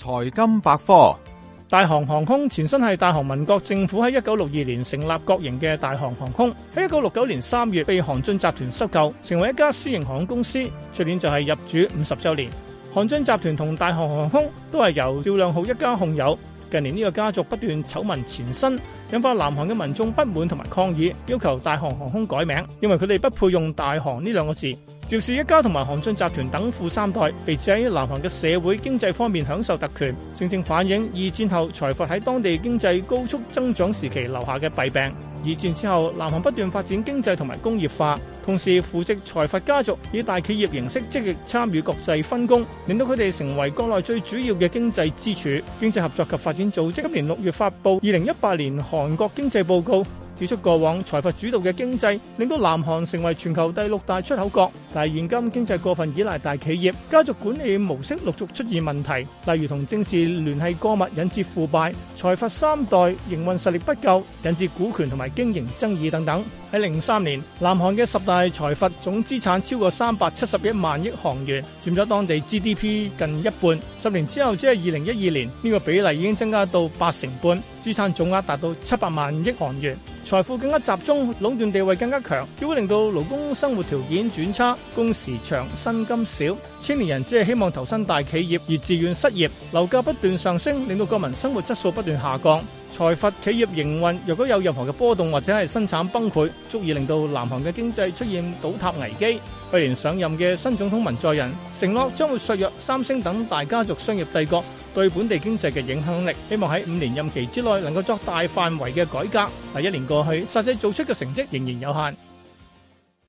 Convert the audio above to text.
財金百科，大韓航空前身係大韓民國政府喺一九六二年成立國營嘅大韓航空，喺一九六九年三月被韓進集團收購，成為一家私營航空公司。去年就係入主五十周年。韓進集團同大韓航空都係由趙亮鎬一家控有。近年呢個家族不斷醜聞纏身，引發南韓嘅民眾不滿同埋抗議，要求大韓航空改名，因為佢哋不配用大韓呢兩個字。趙氏一家同埋韓進集團等富三代，被置喺南韓嘅社會經濟方面享受特權，正正反映二戰後財閥喺當地經濟高速增長時期留下嘅弊病。二戰之後，南韓不斷發展經濟同埋工業化，同時扶植財閥家族以大企業形式積極參與國際分工，令到佢哋成為國內最主要嘅經濟支柱。經濟合作及發展組織今年六月發布二零一八年韓國經濟報告。指出過往財閥主導嘅經濟，令到南韓成為全球第六大出口國。但係現今經濟過分依賴大企業家族管理模式，陸續出現問題，例如同政治聯繫過密，引致腐敗；財閥三代營運實力不夠，引致股權同埋經營爭議等等。喺零三年，南韓嘅十大財閥總資產超過三百七十億萬億韓元，佔咗當地 GDP 近一半。十年之後，即係二零一二年，呢、這個比例已經增加到八成半，資產總額達到七百萬億韓元。財富更加集中，壟斷地位更加強，亦會令到勞工生活條件轉差，工時長，薪金少。青年人只係希望投身大企業，而自願失業。樓價不斷上升，令到國民生活質素不斷下降。財閥企業營運若果有任何嘅波動或者係生產崩潰，足以令到南韓嘅經濟出現倒塌危機。去年上任嘅新總統文在寅承諾將會削弱三星等大家族商業帝國。對本地經濟嘅影響力，希望喺五年任期之內能夠作大範圍嘅改革。但一年過去，實際做出嘅成績仍然有限。